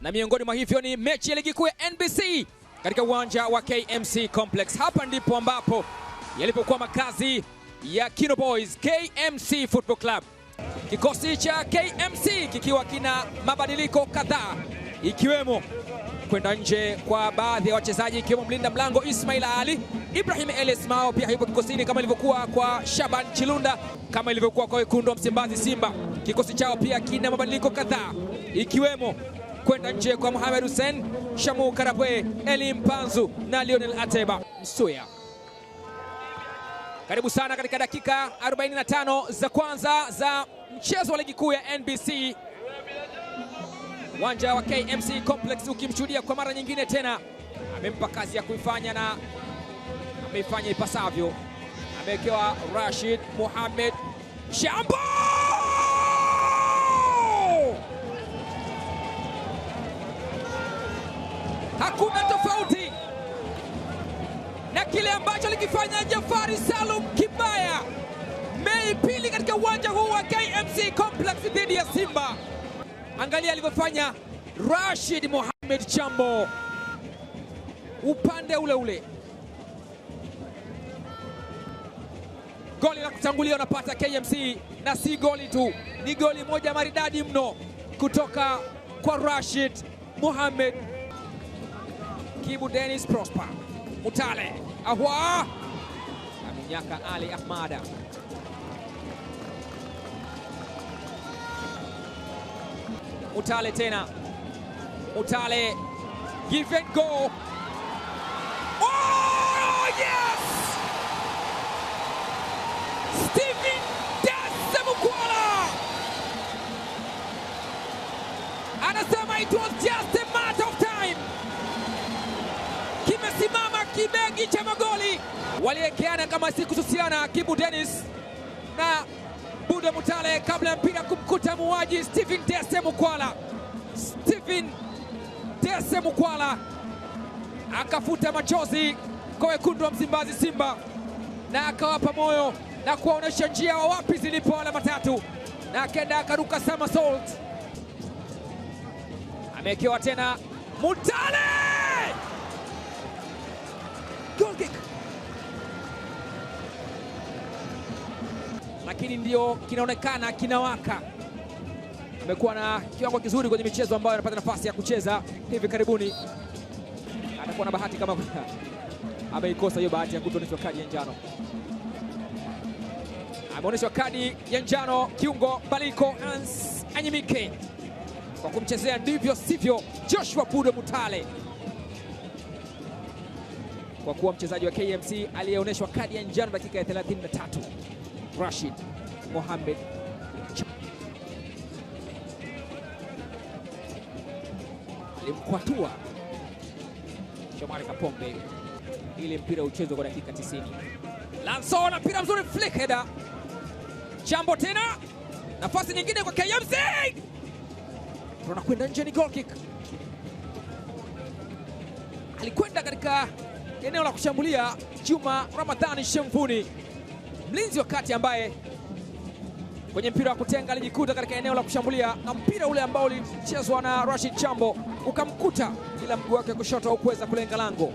na miongoni mwa hivyo ni mechi ya ligi kuu ya NBC katika uwanja wa KMC Complex. Hapa ndipo ambapo yalipokuwa makazi ya Kino Boys KMC Football Club. Kikosi cha KMC kikiwa kina mabadiliko kadhaa ikiwemo kwenda nje kwa baadhi ya wachezaji ikiwemo mlinda mlango Ismail Ali, Ibrahim elsmao pia yupo kikosini kama ilivyokuwa kwa Shaban Chilunda, kama ilivyokuwa kwa wekundu wa Msimbazi Simba. Kikosi chao pia kina mabadiliko kadhaa ikiwemo kwenda nje kwa Mohamed Hussein, Shamu Karapwe, Eli Mpanzu na Lionel Ateba Msuya. Karibu sana katika dakika 45 za kwanza za mchezo wa ligi kuu ya NBC, uwanja wa KMC Complex ukimshuhudia kwa mara nyingine tena. Amempa kazi ya kuifanya na ameifanya ipasavyo. Amewekewa Rashid Mohamed Shamba hakuna tofauti na kile ambacho alikifanya Jafari Salum Kibaya Mei pili katika uwanja huu wa KMC Complex dhidi ya Simba. Angalia alivyofanya Rashid Mohamed Chambo upande ule ule. Goli la kutangulia unapata KMC, na si goli tu, ni goli moja maridadi mno kutoka kwa Rashid Mohamed Kibu Dennis Prosper Mutale ahwa aminyaka Ali Ahmada Mutale tena Mutale give and go oh, it was just kibegi cha magoli waliwekeana kama si kususiana, Kibu Dennis na Budo Mutale kabla ya mpira kumkuta muaji Stephen Dese Mukwala. Stephen Dese Mukwala akafuta machozi kwa wekundu wa Msimbazi Simba na akawapa moyo na kuwaonyesha njia wa wapi zilipo alama tatu, na akenda akaruka somersault, amewekewa tena Mutale kick. Lakini ndio kinaonekana kinawaka. Amekuwa na kiwango kizuri kwenye michezo ambayo anapata nafasi ya kucheza hivi karibuni. Atakuwa na bahati kama ameikosa hiyo bahati ya kutoonyeshwa kadi ya njano. Ameonyeshwa kadi ya njano kiungo Baliko Ans Anyimike kwa kumchezea ndivyo sivyo Joshua Pudo Mutale kwa kuwa mchezaji wa KMC aliyeonyeshwa kadi ya njano dakika ya 33, Rashid Mohamed alimkwatua Shomari Kapombe ile mpira uchezo kwa dakika 90. Lanso na mpira mzuri flick header. Chambo tena nafasi nyingine kwa KMC, tunakwenda nje, ni goal kick, alikwenda katika eneo la kushambulia Juma Ramadhani Shemfuni, mlinzi wa kati ambaye kwenye mpira wa kutenga alijikuta katika eneo la kushambulia, na mpira ule ambao ulichezwa na Rashid Chambo ukamkuta, ila mguu wake kushoto haukuweza kulenga lango.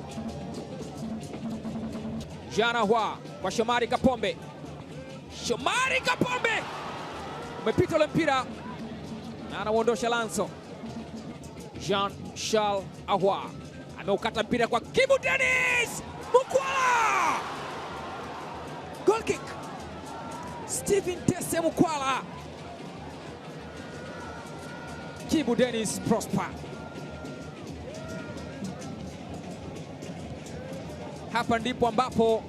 Janahwa kwa Shomari Kapombe, Shomari Kapombe umepita ule mpira na anauondosha Lanso Jean Charles Ahoua ameukata mpira kwa Kibu Dennis Mukwala, goal kick. Steven Tese Mukwala, Kibu Dennis Prosper. Hapa ndipo ambapo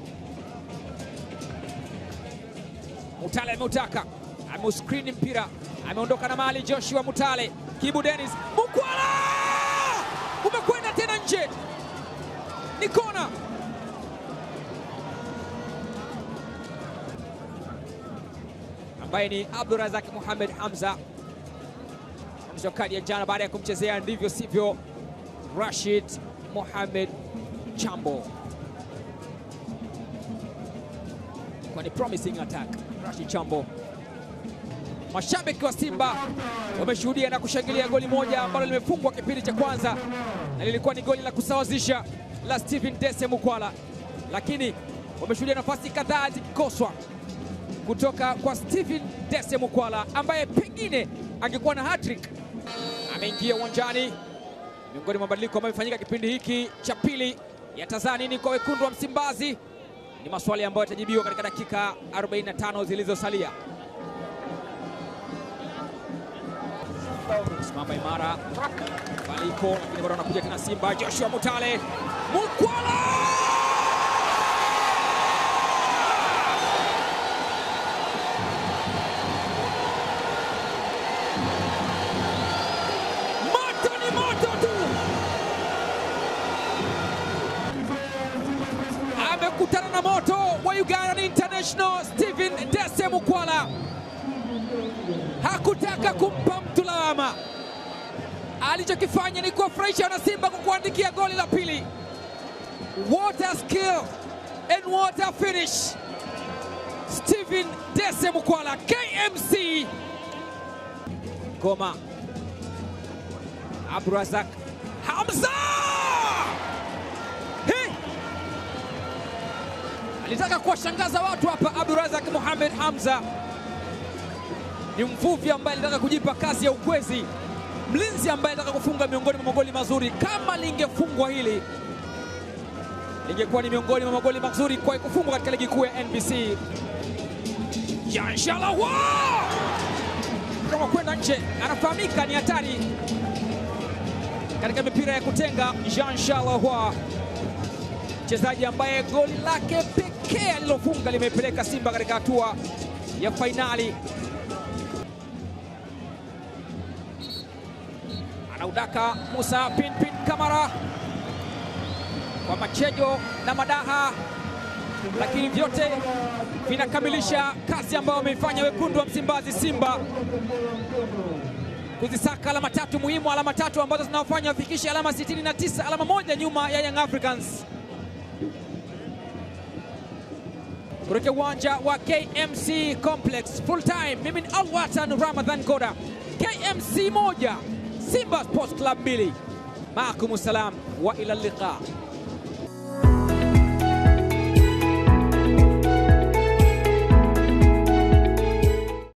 Mutale ameutaka, ameuskrini mpira, ameondoka na mali Joshua Mutale, Kibu Dennis Mukwala nje, ni kona. Ambaye ni Abdurazak Muhamed Hamza mwisho kadi ya jana baada ya kumchezea ndivyo sivyo Rashid Mohamed Chambo kwa ni promising attack. Rashid Chambo, mashabiki wa Simba wameshuhudia na kushangilia goli moja ambalo limefungwa kipindi cha kwanza na lilikuwa ni goli la kusawazisha la Steven Dese Mukwala, lakini wameshuhudia nafasi kadhaa zikikoswa kutoka kwa Steven Dese Mukwala ambaye pengine angekuwa na hat-trick. Ameingia uwanjani, miongoni mwa mabadiliko ambayo yamefanyika kipindi hiki cha pili. Yatazaa nini kwa wekundu wa Msimbazi? Ni maswali ambayo yatajibiwa katika dakika 45 zilizosalia. simama imara baliko, lakini bado anakuja kina Simba. Joshua Mutale Mukwala amekutana na moto wa Uganda International Stephen Dese Mukwala hakutaka kumpa mtu lawama. Alichokifanya ni kuwafurahisha wanasimba kwa kuandikia goli la pili. What a skill and what a finish! Stephen Dese Mukwala, KMC. Goma, Abdurazak Hamza Alitaka kuwashangaza watu hapa Abdurazak Muhammad Hamza ni mvuvi ambaye alitaka kujipa kazi ya ukwezi, mlinzi ambaye alitaka kufunga miongoni mwa magoli mazuri. Kama lingefungwa hili, lingekuwa ni miongoni mwa magoli mazuri kwa kufungwa katika ligi kuu ya NBC. Janshalawa kama kwenda nje, anafahamika ni hatari katika mipira ya kutenga. Jean Shalahwa, mchezaji ambaye goli lake pekee alilofunga limepeleka Simba katika hatua ya fainali. anaudaka Musa Pinpin Kamara kwa machejo na madaha, lakini vyote vinakamilisha kazi ambayo wameifanya wekundu wa Msimbazi Simba kuzisaka alama tatu muhimu, alama tatu ambazo zinawafanya wafikishe alama 69, alama moja nyuma ya Young Africans kutoka uwanja wa KMC Complex. Full time, mimi ni Alwatan Ramadhan Goda, KMC moja سيمبا سبورت كلاب بيلي معكم السلام والى اللقاء